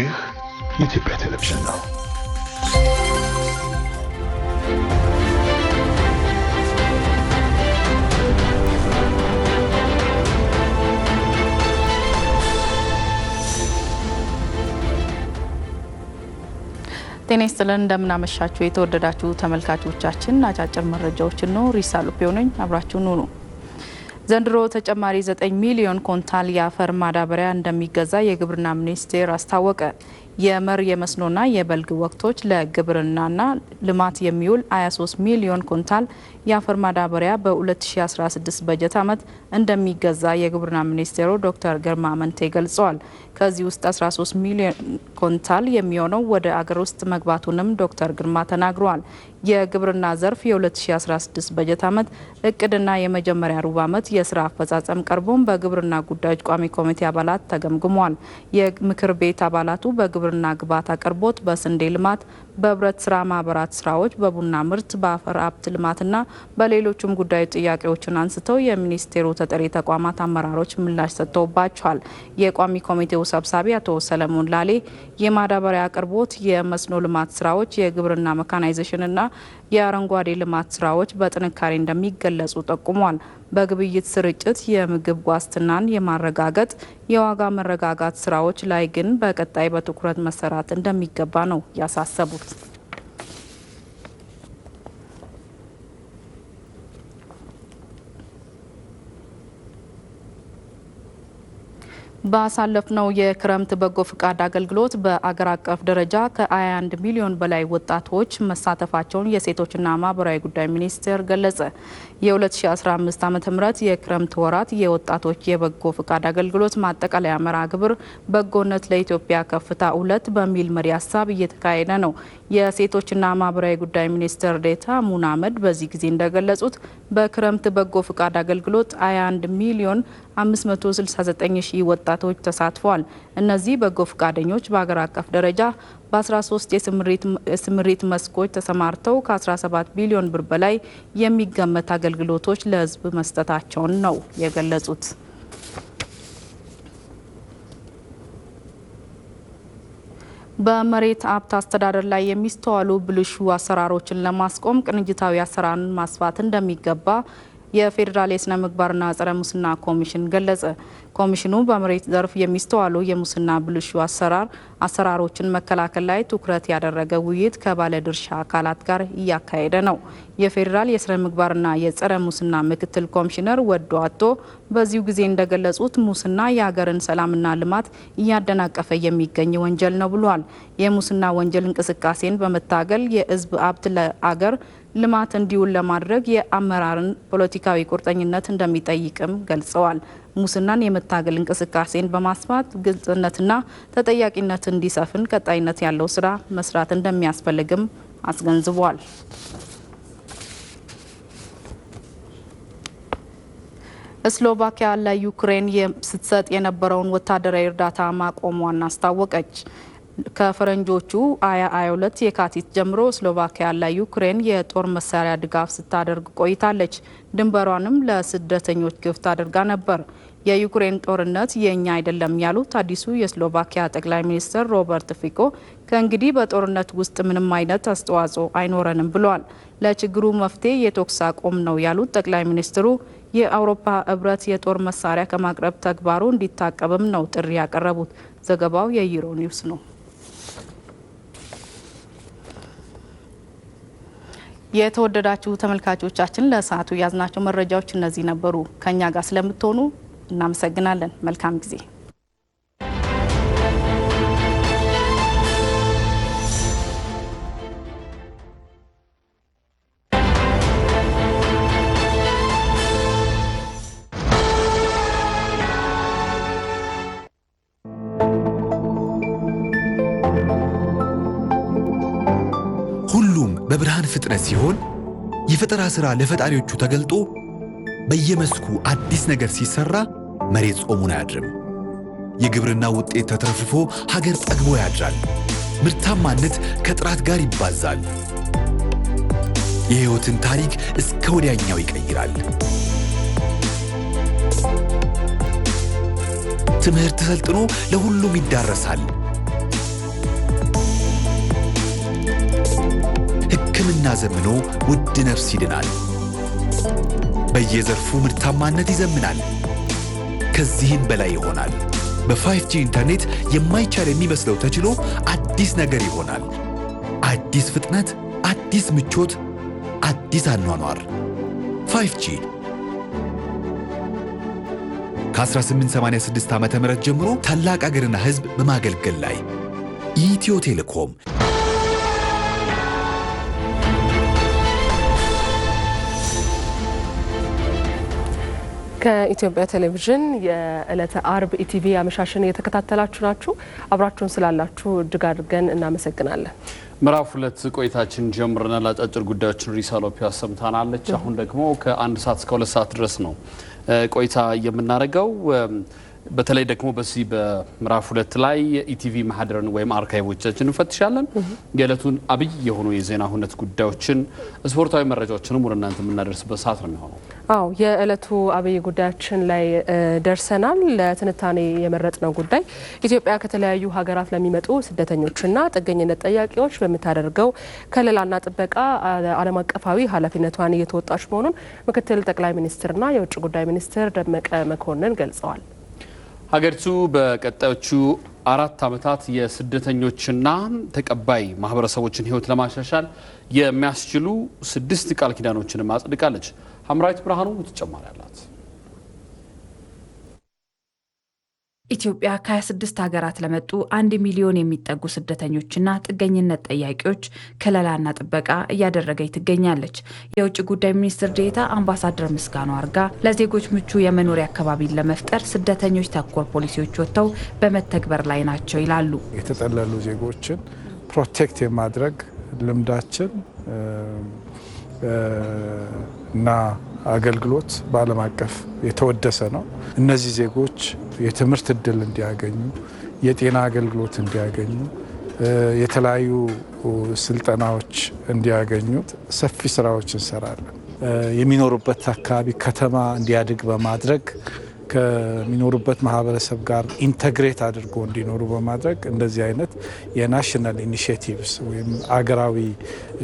ይህ የኢትዮጵያ ቴሌቪዥን ነው። ጤና ይስጥልን እንደምናመሻችሁ የተወደዳችሁ ተመልካቾቻችን፣ አጫጭር መረጃዎችን ነው። ሪሳ ሉፔዮ ነኝ። አብራችሁን ሁኑ። ዘንድሮ ተጨማሪ 9 ሚሊዮን ኮንታል የአፈር ማዳበሪያ እንደሚገዛ የግብርና ሚኒስቴር አስታወቀ። የመር የመስኖና የበልግ ወቅቶች ለግብርናና ልማት የሚውል 23 ሚሊዮን ኩንታል የአፈር ማዳበሪያ በ2016 በጀት ዓመት እንደሚገዛ የግብርና ሚኒስቴሩ ዶክተር ግርማ መንቴ ገልጸዋል። ከዚህ ውስጥ 13 ሚሊዮን ኩንታል የሚሆነው ወደ አገር ውስጥ መግባቱንም ዶክተር ግርማ ተናግረዋል። የግብርና ዘርፍ የ2016 በጀት ዓመት እቅድና የመጀመሪያ ሩብ ዓመት የስራ አፈጻጸም ቀርቦም በግብርና ጉዳዮች ቋሚ ኮሚቴ አባላት ተገምግሟል። የምክር ቤት አባላቱ በግብር በግብርና ግብዓት አቅርቦት፣ በስንዴ ልማት፣ በህብረት ስራ ማህበራት ስራዎች፣ በቡና ምርት፣ በአፈር ሀብት ልማትና በሌሎችም ጉዳዮች ጥያቄዎችን አንስተው የሚኒስቴሩ ተጠሪ ተቋማት አመራሮች ምላሽ ሰጥተውባቸዋል። የቋሚ ኮሚቴው ሰብሳቢ አቶ ሰለሞን ላሌ የማዳበሪያ አቅርቦት፣ የመስኖ ልማት ስራዎች፣ የግብርና መካናይዜሽንና የአረንጓዴ ልማት ስራዎች በጥንካሬ እንደሚገለጹ ጠቁሟል። በግብይት ስርጭት የምግብ ዋስትናን የማረጋገጥ የዋጋ መረጋጋት ስራዎች ላይ ግን በቀጣይ በትኩረት መሰራት እንደሚገባ ነው ያሳሰቡት። ባሳለፍነው የክረምት በጎ ፍቃድ አገልግሎት በአገር አቀፍ ደረጃ ከ21 ሚሊዮን በላይ ወጣቶች መሳተፋቸውን የሴቶችና ማህበራዊ ጉዳይ ሚኒስቴር ገለጸ። የ2015 ዓ ም የክረምት ወራት የወጣቶች የበጎ ፍቃድ አገልግሎት ማጠቃለያ መርሃ ግብር በጎነት ለኢትዮጵያ ከፍታ ሁለት በሚል መሪ ሀሳብ እየተካሄደ ነው። የሴቶችና ማህበራዊ ጉዳይ ሚኒስትር ዴታ ሙና አመድ በዚህ ጊዜ እንደገለጹት በክረምት በጎ ፍቃድ አገልግሎት 21 ሚሊዮን 569 ሺህ ወጣቶች ተሳትፈዋል። እነዚህ በጎ ፍቃደኞች በሀገር አቀፍ ደረጃ በ13 የስምሪት መስኮች ተሰማርተው ከ17 ቢሊዮን ብር በላይ የሚገመት አገልግሎቶች ለህዝብ መስጠታቸውን ነው የገለጹት። በመሬት ሀብት አስተዳደር ላይ የሚስተዋሉ ብልሹ አሰራሮችን ለማስቆም ቅንጅታዊ አሰራርን ማስፋት እንደሚገባ የፌዴራል የስነ ምግባርና ጸረ ሙስና ኮሚሽን ገለጸ። ኮሚሽኑ በመሬት ዘርፍ የሚስተዋሉ የሙስና ብልሹ አሰራር አሰራሮችን መከላከል ላይ ትኩረት ያደረገ ውይይት ከባለድርሻ አካላት ጋር እያካሄደ ነው። የፌዴራል የስነ ምግባርና የጸረ ሙስና ምክትል ኮሚሽነር ወዶ አቶ በዚሁ ጊዜ እንደገለጹት ሙስና የሀገርን ሰላምና ልማት እያደናቀፈ የሚገኝ ወንጀል ነው ብሏል። የሙስና ወንጀል እንቅስቃሴን በመታገል የህዝብ ሀብት ለአገር ልማት እንዲውል ለማድረግ የአመራርን ፖለቲካዊ ቁርጠኝነት እንደሚጠይቅም ገልጸዋል። ሙስናን የመታገል እንቅስቃሴን በማስፋት ግልጽነትና ተጠያቂነት እንዲሰፍን ቀጣይነት ያለው ስራ መስራት እንደሚያስፈልግም አስገንዝቧል። ስሎቫኪያ ለዩክሬን ስትሰጥ የነበረውን ወታደራዊ እርዳታ ማቆሟን አስታወቀች። ከፈረንጆቹ አያ 22 የካቲት ጀምሮ ስሎቫኪያ ለዩክሬን የጦር መሳሪያ ድጋፍ ስታደርግ ቆይታለች። ድንበሯንም ለስደተኞች ክፍት አድርጋ ነበር። የዩክሬን ጦርነት የእኛ አይደለም ያሉት አዲሱ የስሎቫኪያ ጠቅላይ ሚኒስትር ሮበርት ፊኮ ከእንግዲህ በጦርነት ውስጥ ምንም አይነት አስተዋጽኦ አይኖረንም ብሏል። ለችግሩ መፍትሄ የተኩስ አቁም ነው ያሉት ጠቅላይ ሚኒስትሩ የአውሮፓ ህብረት የጦር መሳሪያ ከማቅረብ ተግባሩ እንዲታቀብም ነው ጥሪ ያቀረቡት። ዘገባው የዩሮ ኒውስ ነው። የተወደዳችሁ ተመልካቾቻችን ለሰዓቱ ያዝናቸው መረጃዎች እነዚህ ነበሩ። ከእኛ ጋር ስለምትሆኑ እናመሰግናለን። መልካም ጊዜ በብርሃን ፍጥነት ሲሆን የፈጠራ ሥራ ለፈጣሪዎቹ ተገልጦ በየመስኩ አዲስ ነገር ሲሰራ መሬት ጾሙን አያድርም። የግብርና ውጤት ተትረፍፎ ሀገር ጠግቦ ያድራል። ምርታማነት ከጥራት ጋር ይባዛል። የሕይወትን ታሪክ እስከ ወዲያኛው ይቀይራል። ትምህርት ሰልጥኖ ለሁሉም ይዳረሳል። ሕክምና ዘምኖ ውድ ነፍስ ይድናል። በየዘርፉ ምርታማነት ይዘምናል። ከዚህም በላይ ይሆናል። በፋይቭጂ ኢንተርኔት የማይቻል የሚመስለው ተችሎ አዲስ ነገር ይሆናል። አዲስ ፍጥነት፣ አዲስ ምቾት፣ አዲስ አኗኗር። ፋይቭጂ ከ1886 ዓ ም ጀምሮ ታላቅ አገርና ሕዝብ በማገልገል ላይ ኢትዮ ቴሌኮም ከኢትዮጵያ ቴሌቪዥን የዕለተ አርብ ኢቲቪ አመሻሽን እየተከታተላችሁ ናችሁ። አብራችሁን ስላላችሁ እጅግ አድርገን እናመሰግናለን። ምዕራፍ ሁለት ቆይታችን ጀምረናል። አጫጭር ጉዳዮችን ሪሳ ሎፒ አሰምታናለች። አሁን ደግሞ ከአንድ ሰዓት እስከ ሁለት ሰዓት ድረስ ነው ቆይታ የምናደርገው። በተለይ ደግሞ በዚህ በምዕራፍ ሁለት ላይ ኢቲቪ ማህደርን ወይም አርካይቮቻችን እንፈትሻለን። የዕለቱን አብይ የሆኑ የዜና ሁነት ጉዳዮችን፣ ስፖርታዊ መረጃዎችንም ወደ እናንተ የምናደርስበት ሰዓት ነው የሚሆነው። አዎ የዕለቱ አብይ ጉዳያችን ላይ ደርሰናል። ለትንታኔ የመረጥነው ጉዳይ ኢትዮጵያ ከተለያዩ ሀገራት ለሚመጡ ስደተኞችና ጥገኝነት ጠያቂዎች በምታደርገው ከለላና ጥበቃ ዓለም አቀፋዊ ኃላፊነቷን እየተወጣች መሆኑን ምክትል ጠቅላይ ሚኒስትርና የውጭ ጉዳይ ሚኒስትር ደመቀ መኮንን ገልጸዋል። ሀገሪቱ በቀጣዮቹ አራት ዓመታት የስደተኞችና ተቀባይ ማህበረሰቦችን ሕይወት ለማሻሻል የሚያስችሉ ስድስት ቃል ኪዳኖችንም አጽድቃለች። ሀምራዊት ብርሃኑ ተጨማሪ አላት። ኢትዮጵያ ከ26 ሀገራት ለመጡ አንድ ሚሊዮን የሚጠጉ ስደተኞችና ጥገኝነት ጠያቂዎች ከለላና ጥበቃ እያደረገች ትገኛለች። የውጭ ጉዳይ ሚኒስትር ዴታ አምባሳደር ምስጋኑ አርጋ ለዜጎች ምቹ የመኖሪያ አካባቢን ለመፍጠር ስደተኞች ተኮር ፖሊሲዎች ወጥተው በመተግበር ላይ ናቸው ይላሉ። የተጠለሉ ዜጎችን ፕሮቴክት የማድረግ ልምዳችን እና አገልግሎት በዓለም አቀፍ የተወደሰ ነው። እነዚህ ዜጎች የትምህርት እድል እንዲያገኙ፣ የጤና አገልግሎት እንዲያገኙ፣ የተለያዩ ስልጠናዎች እንዲያገኙ ሰፊ ስራዎች እንሰራለን። የሚኖሩበት አካባቢ ከተማ እንዲያድግ በማድረግ ከሚኖሩበት ማህበረሰብ ጋር ኢንተግሬት አድርጎ እንዲኖሩ በማድረግ እንደዚህ አይነት የናሽናል ኢኒሽቲቭስ ወይም አገራዊ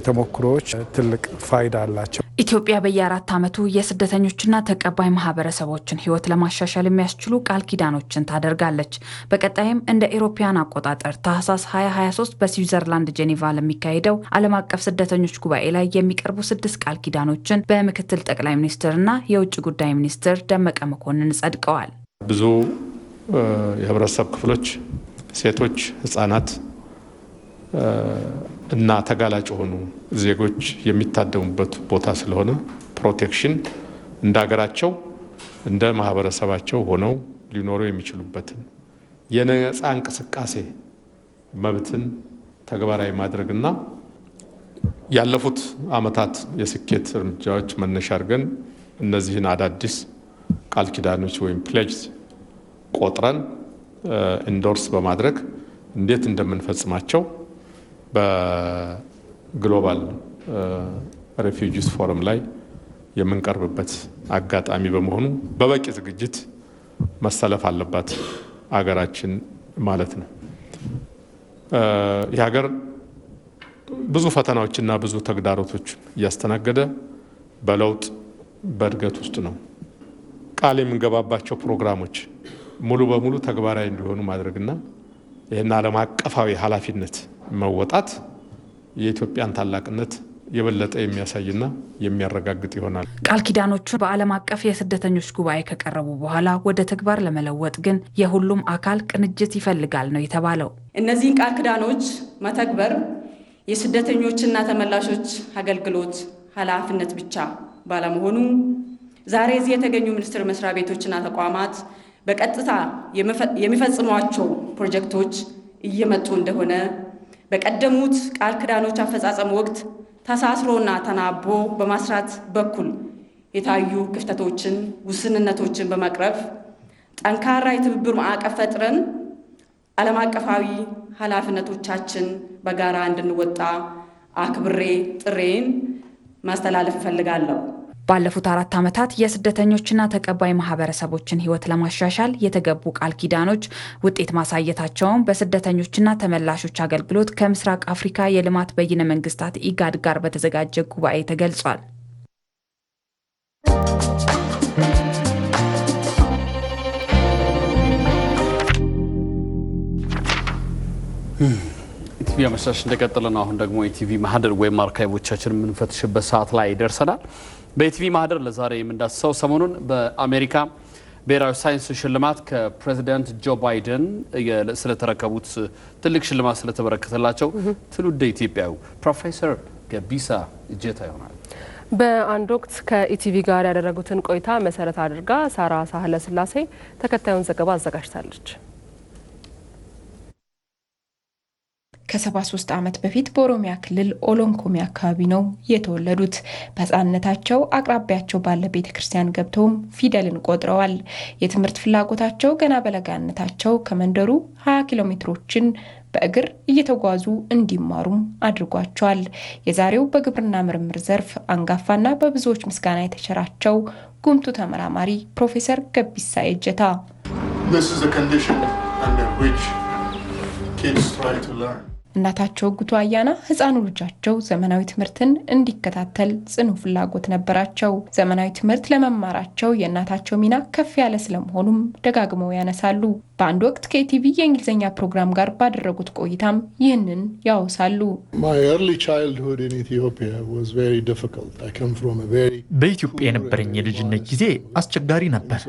ተሞክሮዎች ትልቅ ፋይዳ አላቸው። ኢትዮጵያ በየአራት ዓመቱ የስደተኞችና ተቀባይ ማህበረሰቦችን ህይወት ለማሻሻል የሚያስችሉ ቃል ኪዳኖችን ታደርጋለች። በቀጣይም እንደ ኤሮፓያን አቆጣጠር ታህሳስ 2023 በስዊዘርላንድ ጄኔቫ ለሚካሄደው ዓለም አቀፍ ስደተኞች ጉባኤ ላይ የሚቀርቡ ስድስት ቃል ኪዳኖችን በምክትል ጠቅላይ ሚኒስትርና የውጭ ጉዳይ ሚኒስትር ደመቀ መኮንን ጸድቀዋል። ብዙ የህብረተሰብ ክፍሎች ሴቶች፣ ህጻናት እና ተጋላጭ የሆኑ ዜጎች የሚታደሙበት ቦታ ስለሆነ ፕሮቴክሽን እንደ ሀገራቸው እንደ ማህበረሰባቸው ሆነው ሊኖሩ የሚችሉበትን የነጻ እንቅስቃሴ መብትን ተግባራዊ ማድረግና ያለፉት ዓመታት የስኬት እርምጃዎች መነሻ አድርገን እነዚህን አዳዲስ ቃል ኪዳኖች ወይም ፕሌጅስ ቆጥረን ኢንዶርስ በማድረግ እንዴት እንደምንፈጽማቸው በግሎባል ሬፊጂስ ፎረም ላይ የምንቀርብበት አጋጣሚ በመሆኑ በበቂ ዝግጅት መሰለፍ አለባት አገራችን ማለት ነው። ይህ ሀገር ብዙ ፈተናዎችና ብዙ ተግዳሮቶች እያስተናገደ በለውጥ በእድገት ውስጥ ነው። ቃል የምንገባባቸው ፕሮግራሞች ሙሉ በሙሉ ተግባራዊ እንዲሆኑ ማድረግና ይህን ዓለም አቀፋዊ ኃላፊነት መወጣት የኢትዮጵያን ታላቅነት የበለጠ የሚያሳይና የሚያረጋግጥ ይሆናል። ቃል ኪዳኖቹን በዓለም አቀፍ የስደተኞች ጉባኤ ከቀረቡ በኋላ ወደ ተግባር ለመለወጥ ግን የሁሉም አካል ቅንጅት ይፈልጋል ነው የተባለው። እነዚህን ቃል ኪዳኖች መተግበር የስደተኞችና ተመላሾች አገልግሎት ኃላፊነት ብቻ ባለመሆኑ ዛሬ እዚህ የተገኙ ሚኒስቴር መስሪያ ቤቶችና ተቋማት በቀጥታ የሚፈጽሟቸው ፕሮጀክቶች እየመጡ እንደሆነ በቀደሙት ቃል ክዳኖች አፈጻጸም ወቅት ተሳስሮና ተናቦ በማስራት በኩል የታዩ ክፍተቶችን፣ ውስንነቶችን በመቅረፍ ጠንካራ የትብብር ማዕቀፍ ፈጥረን ዓለም አቀፋዊ ኃላፊነቶቻችን በጋራ እንድንወጣ አክብሬ ጥሬን ማስተላለፍ እፈልጋለሁ። ባለፉት አራት ዓመታት የስደተኞችና ተቀባይ ማህበረሰቦችን ህይወት ለማሻሻል የተገቡ ቃል ኪዳኖች ውጤት ማሳየታቸውን በስደተኞችና ተመላሾች አገልግሎት ከምስራቅ አፍሪካ የልማት በይነ መንግስታት ኢጋድ ጋር በተዘጋጀ ጉባኤ ተገልጿል። ኢቲቪ አመሻሽ እንደቀጠለ ነው። አሁን ደግሞ ኢቲቪ ማህደር ወይም አርካይቮቻችን የምንፈትሽበት ሰዓት ላይ ደርሰናል። በኢቲቪ ማህደር ለዛሬ የምንዳስሰው ሰሞኑን በአሜሪካ ብሔራዊ ሳይንስ ሽልማት ከፕሬዚዳንት ጆ ባይደን ስለተረከቡት ትልቅ ሽልማት ስለተበረከተላቸው ትውልደ ኢትዮጵያዊ ፕሮፌሰር ገቢሳ እጀታ ይሆናል። በአንድ ወቅት ከኢቲቪ ጋር ያደረጉትን ቆይታ መሰረት አድርጋ ሳራ ሳህለ ስላሴ ተከታዩን ዘገባ አዘጋጅታለች። ከ73 ዓመት በፊት በኦሮሚያ ክልል ኦሎንኮሚ አካባቢ ነው የተወለዱት። በህፃንነታቸው አቅራቢያቸው ባለ ቤተ ክርስቲያን ገብተውም ፊደልን ቆጥረዋል። የትምህርት ፍላጎታቸው ገና በለጋነታቸው ከመንደሩ 20 ኪሎ ሜትሮችን በእግር እየተጓዙ እንዲማሩም አድርጓቸዋል። የዛሬው በግብርና ምርምር ዘርፍ አንጋፋና በብዙዎች ምስጋና የተቸራቸው ጉምቱ ተመራማሪ ፕሮፌሰር ገቢሳ ኤጀታ This is condition under which kids try to learn. እናታቸው ጉቱ አያና ህፃኑ ልጃቸው ዘመናዊ ትምህርትን እንዲከታተል ጽኑ ፍላጎት ነበራቸው። ዘመናዊ ትምህርት ለመማራቸው የእናታቸው ሚና ከፍ ያለ ስለመሆኑም ደጋግመው ያነሳሉ። በአንድ ወቅት ከኢቲቪ የእንግሊዝኛ ፕሮግራም ጋር ባደረጉት ቆይታም ይህንን ያወሳሉ። በኢትዮጵያ የነበረኝ የልጅነት ጊዜ አስቸጋሪ ነበር።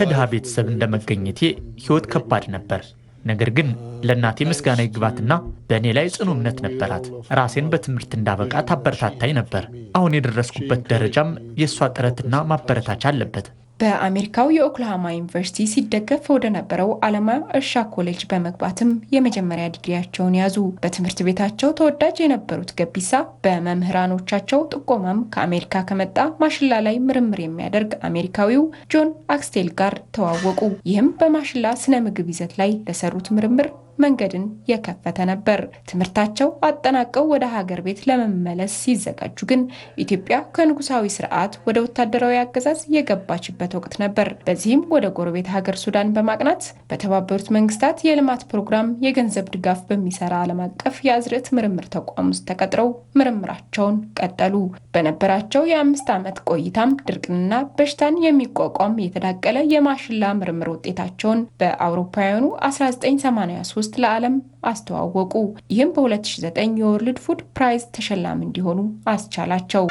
ከድሃ ቤተሰብ እንደመገኘቴ ህይወት ከባድ ነበር። ነገር ግን ለእናቴ ምስጋና ይግባትና በእኔ ላይ ጽኑ እምነት ነበራት። ራሴን በትምህርት እንዳበቃ ታበረታታኝ ነበር። አሁን የደረስኩበት ደረጃም የእሷ ጥረትና ማበረታቻ አለበት። በአሜሪካው የኦክላሃማ ዩኒቨርሲቲ ሲደገፍ ወደ ነበረው አለማ እርሻ ኮሌጅ በመግባትም የመጀመሪያ ዲግሪያቸውን ያዙ። በትምህርት ቤታቸው ተወዳጅ የነበሩት ገቢሳ በመምህራኖቻቸው ጥቆማም ከአሜሪካ ከመጣ ማሽላ ላይ ምርምር የሚያደርግ አሜሪካዊው ጆን አክስቴል ጋር ተዋወቁ። ይህም በማሽላ ስነ ምግብ ይዘት ላይ ለሰሩት ምርምር መንገድን የከፈተ ነበር። ትምህርታቸው አጠናቀው ወደ ሀገር ቤት ለመመለስ ሲዘጋጁ ግን ኢትዮጵያ ከንጉሳዊ ስርዓት ወደ ወታደራዊ አገዛዝ የገባችበት ወቅት ነበር። በዚህም ወደ ጎረቤት ሀገር ሱዳን በማቅናት በተባበሩት መንግስታት የልማት ፕሮግራም የገንዘብ ድጋፍ በሚሰራ ዓለም አቀፍ የአዝርዕት ምርምር ተቋም ውስጥ ተቀጥረው ምርምራቸውን ቀጠሉ። በነበራቸው የአምስት ዓመት ቆይታም ድርቅንና በሽታን የሚቋቋም የተዳቀለ የማሽላ ምርምር ውጤታቸውን በአውሮፓውያኑ 1983 ውስጥ ለዓለም አስተዋወቁ። ይህም በ2009 የወርልድ ፉድ ፕራይዝ ተሸላሚ እንዲሆኑ አስቻላቸው።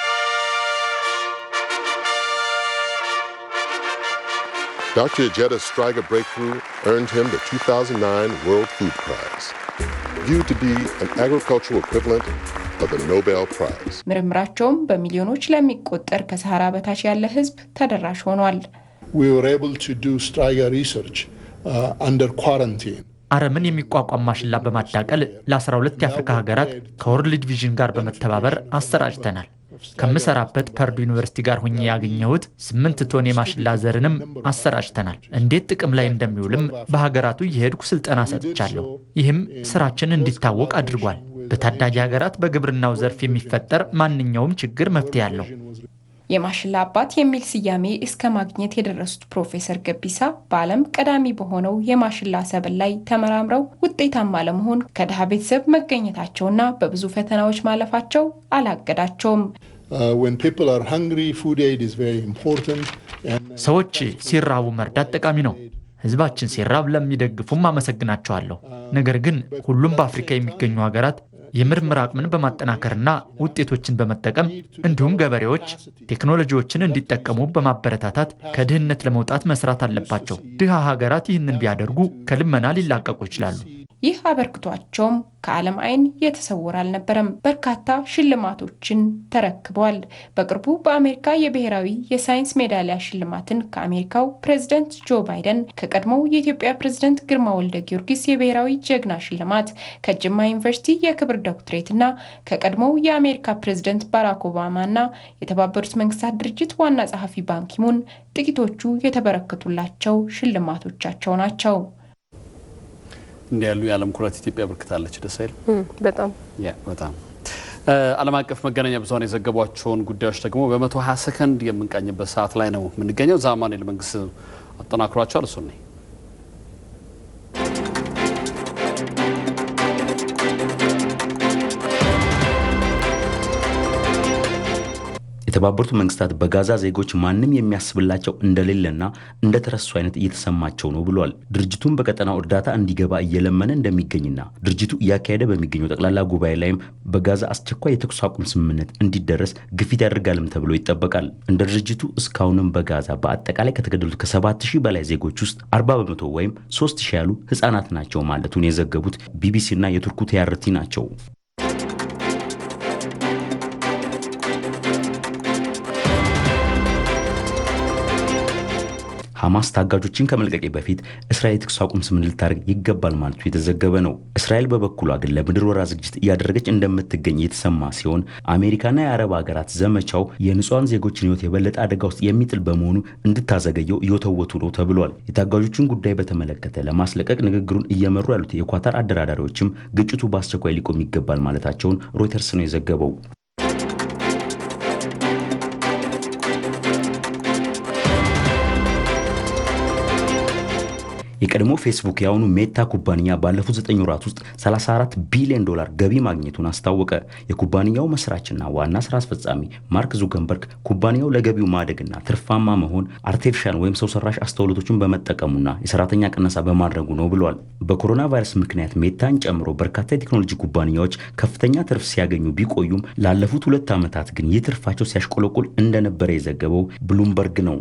Dr. Ejeda's Striga breakthrough earned him the 2009 World Food Prize, viewed to be an agricultural equivalent of the Nobel Prize. ምርምራቸውም በሚሊዮኖች ለሚቆጠር ከሰሃራ በታች ያለ ሕዝብ ተደራሽ ሆኗል። We were able to do Striga research uh, under quarantine. አረምን የሚቋቋም ማሽላ በማዳቀል ለ12 የአፍሪካ ሀገራት ከወርልድ ቪዥን ጋር በመተባበር አሰራጭተናል። ከምሰራበት ፐርዱ ዩኒቨርሲቲ ጋር ሁኜ ያገኘሁት ስምንት ቶን የማሽላ ዘርንም አሰራጭተናል። እንዴት ጥቅም ላይ እንደሚውልም በሀገራቱ የሄድኩ ስልጠና ሰጥቻለሁ። ይህም ስራችን እንዲታወቅ አድርጓል። በታዳጊ ሀገራት በግብርናው ዘርፍ የሚፈጠር ማንኛውም ችግር መፍትሄ አለው። የማሽላ አባት የሚል ስያሜ እስከ ማግኘት የደረሱት ፕሮፌሰር ገቢሳ በዓለም ቀዳሚ በሆነው የማሽላ ሰብል ላይ ተመራምረው ውጤታማ ለመሆን ከድሃ ቤተሰብ መገኘታቸውና በብዙ ፈተናዎች ማለፋቸው አላገዳቸውም። uh, ሰዎች ሲራቡ መርዳት ጠቃሚ ነው። ህዝባችን ሲራብ ለሚደግፉም አመሰግናቸዋለሁ። ነገር ግን ሁሉም በአፍሪካ የሚገኙ ሀገራት የምርምር አቅምን በማጠናከርና ውጤቶችን በመጠቀም እንዲሁም ገበሬዎች ቴክኖሎጂዎችን እንዲጠቀሙ በማበረታታት ከድህነት ለመውጣት መስራት አለባቸው። ድሃ ሀገራት ይህንን ቢያደርጉ ከልመና ሊላቀቁ ይችላሉ። ይህ አበርክቷቸውም ከዓለም ዓይን የተሰወረ አልነበረም። በርካታ ሽልማቶችን ተረክበዋል። በቅርቡ በአሜሪካ የብሔራዊ የሳይንስ ሜዳሊያ ሽልማትን ከአሜሪካው ፕሬዝደንት ጆ ባይደን፣ ከቀድሞው የኢትዮጵያ ፕሬዝደንት ግርማ ወልደ ጊዮርጊስ የብሔራዊ ጀግና ሽልማት፣ ከጅማ ዩኒቨርሲቲ የክብር ዶክትሬት እና ከቀድሞው የአሜሪካ ፕሬዝደንት ባራክ ኦባማ እና የተባበሩት መንግስታት ድርጅት ዋና ጸሐፊ ባንኪሙን ጥቂቶቹ የተበረከቱላቸው ሽልማቶቻቸው ናቸው። እንዲ ያሉ የዓለም ኩራት ኢትዮጵያ በርክታለች። ደስ አይል በጣም በጣም ዓለም አቀፍ መገናኛ ብዙኃን የዘገቧቸውን ጉዳዮች ደግሞ በመቶ ሀያ ሰከንድ የምንቃኝበት ሰዓት ላይ ነው የምንገኘው። ዛማኔል መንግስት አጠናክሯቸዋል እሱ የተባበሩት መንግስታት በጋዛ ዜጎች ማንም የሚያስብላቸው እንደሌለና እንደተረሱ አይነት እየተሰማቸው ነው ብሏል። ድርጅቱን በቀጠናው እርዳታ እንዲገባ እየለመነ እንደሚገኝና ድርጅቱ እያካሄደ በሚገኘው ጠቅላላ ጉባኤ ላይም በጋዛ አስቸኳይ የተኩስ አቁም ስምምነት እንዲደረስ ግፊት ያደርጋልም ተብሎ ይጠበቃል። እንደ ድርጅቱ እስካሁንም በጋዛ በአጠቃላይ ከተገደሉት ከ7000 በላይ ዜጎች ውስጥ 40 በመቶ ወይም 3000 ያሉ ህጻናት ናቸው ማለቱን የዘገቡት ቢቢሲና የቱርኩ ቲአርቲ ናቸው። ሐማስ ታጋጆችን ከመልቀቄ በፊት እስራኤል የተኩስ አቁም ስምን ልታደርግ ይገባል ማለቱ የተዘገበ ነው። እስራኤል በበኩሏ ግን ለምድር ወራ ዝግጅት እያደረገች እንደምትገኝ የተሰማ ሲሆን አሜሪካና የአረብ ሀገራት ዘመቻው የንጹሐን ዜጎችን ህይወት የበለጠ አደጋ ውስጥ የሚጥል በመሆኑ እንድታዘገየው እየወተወቱ ነው ተብሏል። የታጋጆቹን ጉዳይ በተመለከተ ለማስለቀቅ ንግግሩን እየመሩ ያሉት የኳታር አደራዳሪዎችም ግጭቱ በአስቸኳይ ሊቆም ይገባል ማለታቸውን ሮይተርስ ነው የዘገበው። የቀድሞ ፌስቡክ የአሁኑ ሜታ ኩባንያ ባለፉት 9 ወራት ውስጥ 34 ቢሊዮን ዶላር ገቢ ማግኘቱን አስታወቀ። የኩባንያው መስራችና ዋና ስራ አስፈጻሚ ማርክ ዙከንበርግ ኩባንያው ለገቢው ማደግና ትርፋማ መሆን አርቲፊሻል ወይም ሰው ሰራሽ አስተውሎቶችን በመጠቀሙና የሰራተኛ ቅነሳ በማድረጉ ነው ብሏል። በኮሮና ቫይረስ ምክንያት ሜታን ጨምሮ በርካታ የቴክኖሎጂ ኩባንያዎች ከፍተኛ ትርፍ ሲያገኙ ቢቆዩም ላለፉት ሁለት ዓመታት ግን ይህ ትርፋቸው ሲያሽቆለቁል እንደነበረ የዘገበው ብሉምበርግ ነው።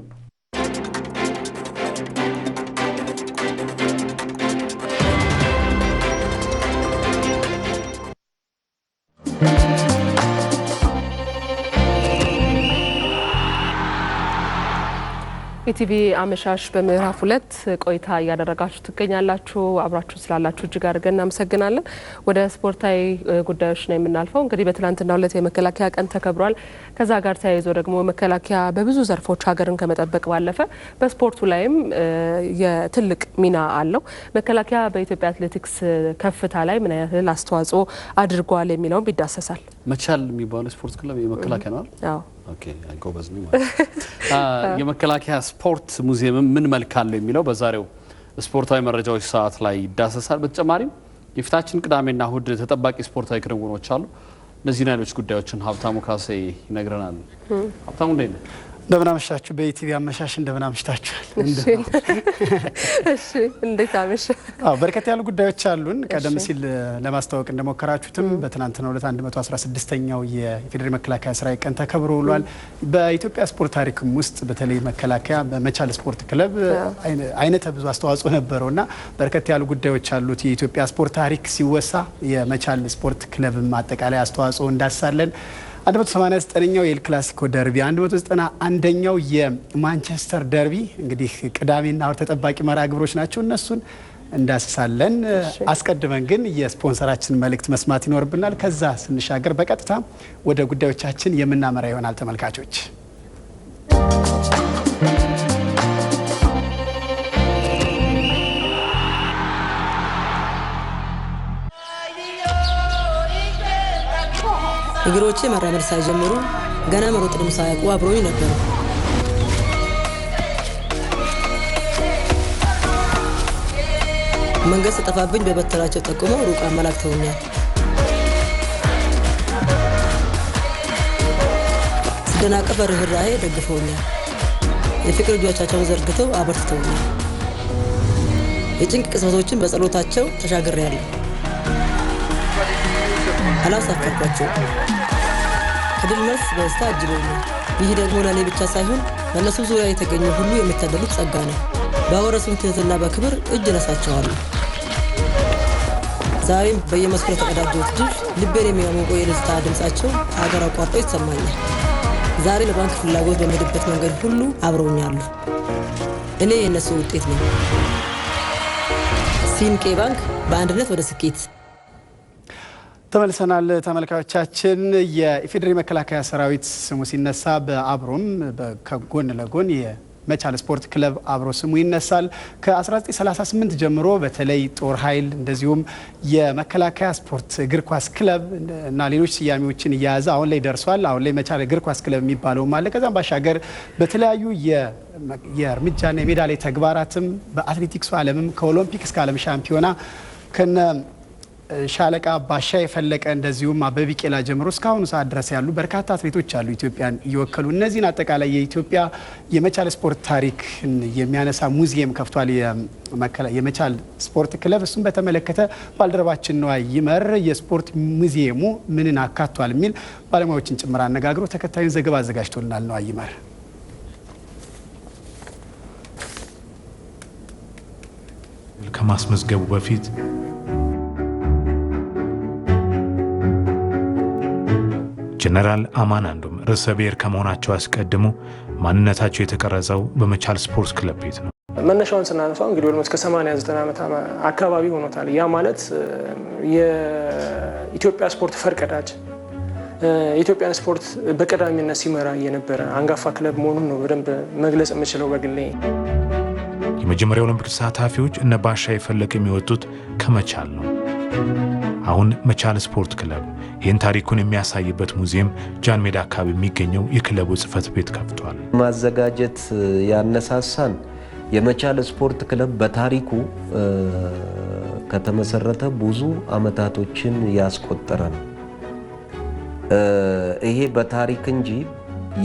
ኢቲቪ አመሻሽ በምዕራፍ ሁለት ቆይታ እያደረጋችሁ ትገኛላችሁ። አብራችሁ ስላላችሁ እጅግ አድርገን እናመሰግናለን። ወደ ስፖርታዊ ጉዳዮች ነው የምናልፈው። እንግዲህ በትናንትናው ዕለት የመከላከያ ቀን ተከብሯል። ከዛ ጋር ተያይዞ ደግሞ መከላከያ በብዙ ዘርፎች ሀገርን ከመጠበቅ ባለፈ በስፖርቱ ላይም የትልቅ ሚና አለው። መከላከያ በኢትዮጵያ አትሌቲክስ ከፍታ ላይ ምን ያህል አስተዋጽኦ አድርጓል የሚለውም ይዳሰሳል። መቻል የሚባለው ስፖርት ክለብ የመከላከያ ነው ጎበዝ የመከላከያ ስፖርት ሙዚየምም ምን መልክ አለው የሚለው በዛሬው ስፖርታዊ መረጃዎች ሰዓት ላይ ይዳሰሳል። በተጨማሪም የፊታችን ቅዳሜና እሁድ ተጠባቂ ስፖርታዊ ክንውኖች አሉ። እነዚህን ሌሎች ጉዳዮችን ሀብታሙ ካሴ ይነግረናል። ሀብታሙ እንዴት ነህ? እንደምን አመሻችሁ። በኢቲቪ አመሻሽ እንደምን አመሽታችኋል? እሺ፣ እንዴት አመሸ? አዎ፣ በርከት ያሉ ጉዳዮች አሉን። ቀደም ሲል ለማስተዋወቅ እንደሞከራችሁትም በትናንትናው ዕለት 116ኛው የኢፌዴሪ መከላከያ ሰራዊት ቀን ተከብሮ ውሏል። በኢትዮጵያ ስፖርት ታሪክም ውስጥ በተለይ መከላከያ በመቻል ስፖርት ክለብ አይነተ ብዙ አስተዋጽኦ እና በርከት ያሉ ጉዳዮች አሉት። የኢትዮጵያ ስፖርት ታሪክ ሲወሳ የመቻል ስፖርት ክለብም አጠቃላይ አስተዋጽኦ እንዳሳለን 189ኛው የኤል ክላሲኮ ደርቢ 191ኛው የማንቸስተር ደርቢ እንግዲህ ቅዳሜና እሁድ ተጠባቂ መርሃ ግብሮች ናቸው። እነሱን እንዳስሳለን። አስቀድመን ግን የስፖንሰራችን መልእክት መስማት ይኖርብናል። ከዛ ስንሻገር በቀጥታ ወደ ጉዳዮቻችን የምናመራ ይሆናል ተመልካቾች እግሮቼ መራመድ ሳይጀምሩ ገና መሮጥንም ሳያውቁ አብሮኝ ነበሩ። መንገድ ስጠፋብኝ በበትራቸው ጠቁመው ሩቅ አመላክተውኛል። ስደናቀፍ በርኅራኄ ደግፈውኛል። የፍቅር እጆቻቸውን ዘርግተው አበርትተውኛል። የጭንቅ ቅስበቶችን በጸሎታቸው ተሻግሬያለሁ። አላሳፈርኳቸው። ከድል መልስ በደስታ አጅበው ነው። ይህ ደግሞ ለእኔ ብቻ ሳይሆን በእነሱ ዙሪያ የተገኘ ሁሉ የሚታደሉት ጸጋ ነው። ባወረሱን ትህትና በክብር እጅ እነሳቸዋለሁ። ዛሬም በየመስኩ ለተቀዳጀሁት ድል ልቤን የሚያሞቀው የደስታ ድምፃቸው አገር አቋርጦ ይሰማኛል። ዛሬ ለባንክ ፍላጎት በምሄድበት መንገድ ሁሉ አብረውኛሉ። እኔ የእነሱ ውጤት ነው። ሲንቄ ባንክ በአንድነት ወደ ስኬት ተመልሰናል ተመልካዮቻችን። የኢፌዴሪ መከላከያ ሰራዊት ስሙ ሲነሳ በአብሮም ከጎን ለጎን መቻል ስፖርት ክለብ አብሮ ስሙ ይነሳል። ከ1938 ጀምሮ በተለይ ጦር ኃይል እንደዚሁም የመከላከያ ስፖርት እግር ኳስ ክለብ እና ሌሎች ስያሜዎችን እያያዘ አሁን ላይ ደርሷል። አሁን ላይ መቻል እግር ኳስ ክለብ የሚባለውም አለ። ከዛም ባሻገር በተለያዩ የእርምጃና የሜዳ ላይ ተግባራትም በአትሌቲክሱ ዓለምም ከኦሎምፒክ እስከ ዓለም ሻምፒዮና ከነ ሻለቃ ባሻ የፈለቀ እንደዚሁም አበበ ቢቂላ ጀምሮ እስካሁኑ ሰዓት ድረስ ያሉ በርካታ አትሌቶች አሉ ኢትዮጵያን እየወከሉ እነዚህን አጠቃላይ የኢትዮጵያ የመቻል ስፖርት ታሪክን የሚያነሳ ሙዚየም ከፍቷል የመቻል ስፖርት ክለብ እሱም በተመለከተ ባልደረባችን ነዋ ይመር የስፖርት ሙዚየሙ ምንን አካቷል የሚል ባለሙያዎችን ጭምር አነጋግሮ ተከታዩን ዘገባ አዘጋጅቶልናል ነዋ ይመር ከማስመዝገቡ በፊት ጀነራል አማን ርዕሰ ብሔር ከመሆናቸው አስቀድሞ ማንነታቸው የተቀረጸው በመቻል ስፖርት ክለብ ቤት ነው። መነሻውን ስናነሳው እንግዲህ ወልሞት ከ 89 ዓመት አካባቢ ሆኖታል። ያ ማለት የኢትዮጵያ ስፖርት ፈርቀዳጅ የኢትዮጵያን ስፖርት በቀዳሚነት ሲመራ የነበረ አንጋፋ ክለብ መሆኑን ነው በደንብ መግለጽ የምችለው በግሌ። የመጀመሪያ ኦሎምፒክ ተሳታፊዎች እነ ባሻ የፈለቀ የሚወጡት ከመቻል ነው። አሁን መቻል ስፖርት ክለብ ይህን ታሪኩን የሚያሳይበት ሙዚየም ጃን ሜዳ አካባቢ የሚገኘው የክለቡ ጽፈት ቤት ከፍቷል። ማዘጋጀት ያነሳሳን የመቻል ስፖርት ክለብ በታሪኩ ከተመሰረተ ብዙ አመታቶችን ያስቆጠረ ነው። ይሄ በታሪክ እንጂ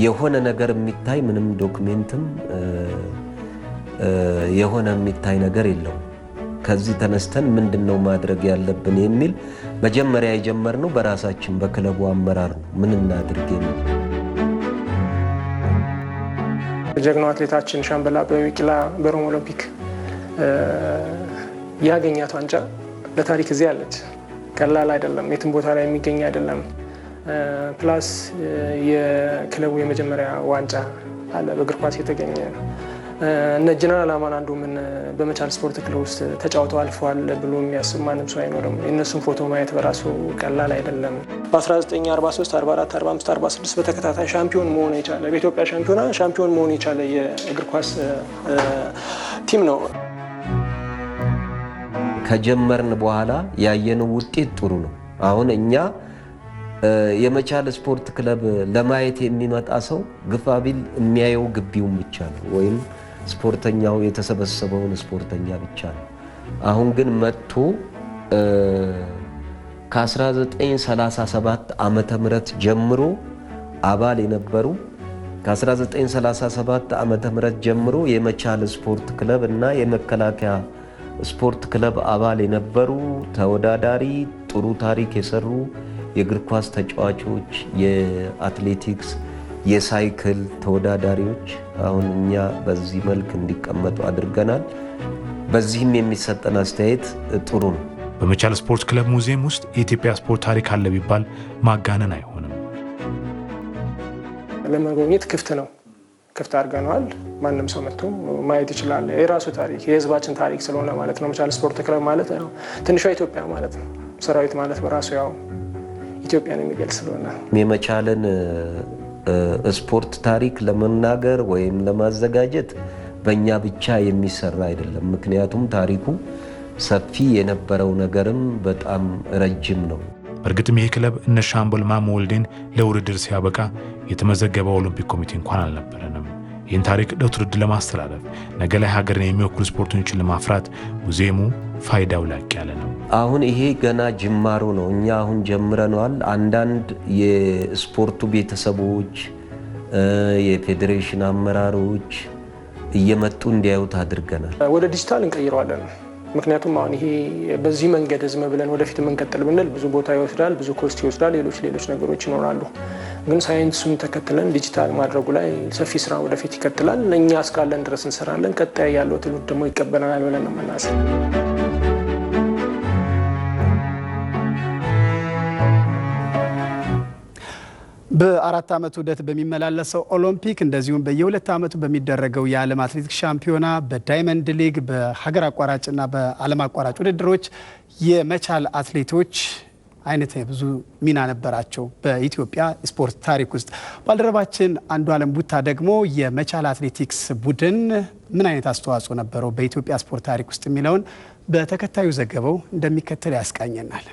የሆነ ነገር የሚታይ ምንም ዶክሜንትም የሆነ የሚታይ ነገር የለውም። ከዚህ ተነስተን ምንድን ነው ማድረግ ያለብን የሚል መጀመሪያ የጀመርነው በራሳችን በክለቡ አመራር ነው። ምን እናድርግ የሚል ጀግናው አትሌታችን ሻምበል አበበ ቢቂላ በሮም ኦሎምፒክ ያገኛት ዋንጫ ለታሪክ እዚህ አለች። ቀላል አይደለም፣ የትም ቦታ ላይ የሚገኝ አይደለም። ፕላስ የክለቡ የመጀመሪያ ዋንጫ አለ በእግር ኳስ የተገኘ እነ ጀነራል አማን አንዱ ምን በመቻል ስፖርት ክለብ ውስጥ ተጫውተው አልፈዋል ብሎ የሚያስብ ማንም ሰው አይኖርም። የእነሱን ፎቶ ማየት በራሱ ቀላል አይደለም። በ1943፣ 44፣ 45፣ 46 በተከታታይ ሻምፒዮን መሆን የቻለ በኢትዮጵያ ሻምፒዮና ሻምፒዮን መሆን የቻለ የእግር ኳስ ቲም ነው። ከጀመርን በኋላ ያየነው ውጤት ጥሩ ነው። አሁን እኛ የመቻል ስፖርት ክለብ ለማየት የሚመጣ ሰው ግፋ ቢል የሚያየው ግቢውን ብቻ ነው ወይም ስፖርተኛው የተሰበሰበውን ስፖርተኛ ብቻ ነው። አሁን ግን መጥቶ ከ1937 ዓመተ ምህረት ጀምሮ አባል የነበሩ ከ1937 ዓመተ ምህረት ጀምሮ የመቻል ስፖርት ክለብ እና የመከላከያ ስፖርት ክለብ አባል የነበሩ ተወዳዳሪ፣ ጥሩ ታሪክ የሰሩ የእግር ኳስ ተጫዋቾች፣ የአትሌቲክስ የሳይክል ተወዳዳሪዎች አሁን እኛ በዚህ መልክ እንዲቀመጡ አድርገናል። በዚህም የሚሰጠን አስተያየት ጥሩ ነው። በመቻል ስፖርት ክለብ ሙዚየም ውስጥ የኢትዮጵያ ስፖርት ታሪክ አለ ቢባል ማጋነን አይሆንም። ለመጎብኘት ክፍት ነው፣ ክፍት አድርገነዋል። ማንም ሰው መጥቶ ማየት ይችላል። የራሱ ታሪክ የህዝባችን ታሪክ ስለሆነ ማለት ነው። መቻል ስፖርት ክለብ ማለት ትንሿ ኢትዮጵያ ማለት ነው። ሰራዊት ማለት በራሱ ያው ኢትዮጵያን የሚገልጽ ስለሆነ የመቻልን ስፖርት ታሪክ ለመናገር ወይም ለማዘጋጀት በእኛ ብቻ የሚሰራ አይደለም። ምክንያቱም ታሪኩ ሰፊ የነበረው ነገርም በጣም ረጅም ነው። እርግጥም ይህ ክለብ እነ ሻምበል ማሞ ወልዴን ለውድድር ሲያበቃ የተመዘገበው ኦሎምፒክ ኮሚቴ እንኳን አልነበረንም። ይህን ታሪክ ለትውልድ ለማስተላለፍ ነገ ላይ ሀገርን የሚወክሉ ስፖርተኞችን ለማፍራት ሙዚየሙ ፋይዳው ላቅ ያለ ነው። አሁን ይሄ ገና ጅማሮ ነው። እኛ አሁን ጀምረነዋል። አንዳንድ የስፖርቱ ቤተሰቦች፣ የፌዴሬሽን አመራሮች እየመጡ እንዲያዩት አድርገናል። ወደ ዲጂታል እንቀይረዋለን። ምክንያቱም አሁን ይሄ በዚህ መንገድ ዝም ብለን ወደፊት የምንቀጥል ብንል ብዙ ቦታ ይወስዳል፣ ብዙ ኮስት ይወስዳል፣ ሌሎች ሌሎች ነገሮች ይኖራሉ። ግን ሳይንሱን ተከትለን ዲጂታል ማድረጉ ላይ ሰፊ ስራ ወደፊት ይቀጥላል። እኛ እስካለን ድረስ እንሰራለን። ቀጣይ ያለው ትውልድ ደግሞ ይቀበለናል ብለን ነው የምናስብ። በአራት ዓመት ውደት በሚመላለሰው ኦሎምፒክ እንደዚሁም በየሁለት ዓመቱ በሚደረገው የዓለም አትሌቲክስ ሻምፒዮና በዳይመንድ ሊግ በሀገር አቋራጭና በዓለም አቋራጭ ውድድሮች የመቻል አትሌቶች አይነት ብዙ ሚና ነበራቸው በኢትዮጵያ ስፖርት ታሪክ ውስጥ። ባልደረባችን አንዱ አለም ቡታ ደግሞ የመቻል አትሌቲክስ ቡድን ምን አይነት አስተዋጽኦ ነበረው በኢትዮጵያ ስፖርት ታሪክ ውስጥ የሚለውን በተከታዩ ዘገባው እንደሚከተል ያስቃኘናል።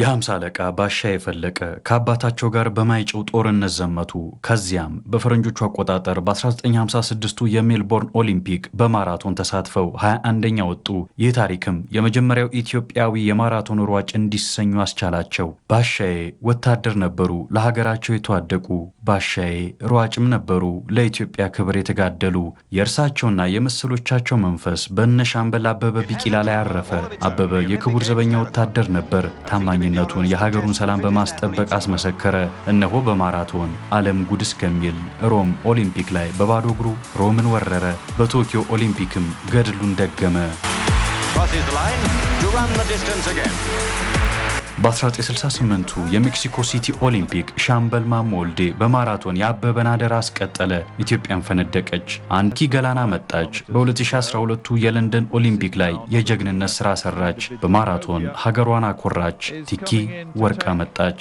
የሐምሳ አለቃ ባሻ የፈለቀ ከአባታቸው ጋር በማይጨው ጦርነት ዘመቱ። ከዚያም በፈረንጆቹ አቆጣጠር በ1956ቱ የሜልቦርን ኦሊምፒክ በማራቶን ተሳትፈው 21ኛ ወጡ። ይህ ታሪክም የመጀመሪያው ኢትዮጵያዊ የማራቶን ሯጭ እንዲሰኙ አስቻላቸው። ባሻዬ ወታደር ነበሩ፣ ለሀገራቸው የተዋደቁ ባሻዬ ሯጭም ነበሩ። ለኢትዮጵያ ክብር የተጋደሉ የእርሳቸውና የመሰሎቻቸው መንፈስ በእነ ሻምበል አበበ ቢቂላ ላይ አረፈ። አበበ የክቡር ዘበኛ ወታደር ነበር። ታማኝነቱን የሀገሩን ሰላም በማስጠበቅ አስመሰከረ። እነሆ በማራቶን ዓለም ጉድ እስከሚል ሮም ኦሊምፒክ ላይ በባዶ እግሩ ሮምን ወረረ። በቶኪዮ ኦሊምፒክም ገድሉን ደገመ። በ1968ቱ የሜክሲኮ ሲቲ ኦሊምፒክ ሻምበል ማሞ ወልዴ በማራቶን የአበበን አደር አስቀጠለ። ኢትዮጵያን ፈነደቀች። አንኪ ገላና መጣች። በ2012ቱ የለንደን ኦሊምፒክ ላይ የጀግንነት ሥራ ሠራች። በማራቶን ሀገሯን አኮራች። ቲኪ ወርቃ መጣች።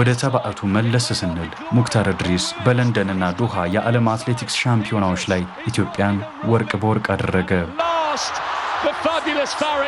ወደ ተባዕቱ መለስ ስንል ሙክታር እድሪስ በለንደንና ዱሃ የዓለም አትሌቲክስ ሻምፒዮናዎች ላይ ኢትዮጵያን ወርቅ በወርቅ አደረገ። as far as.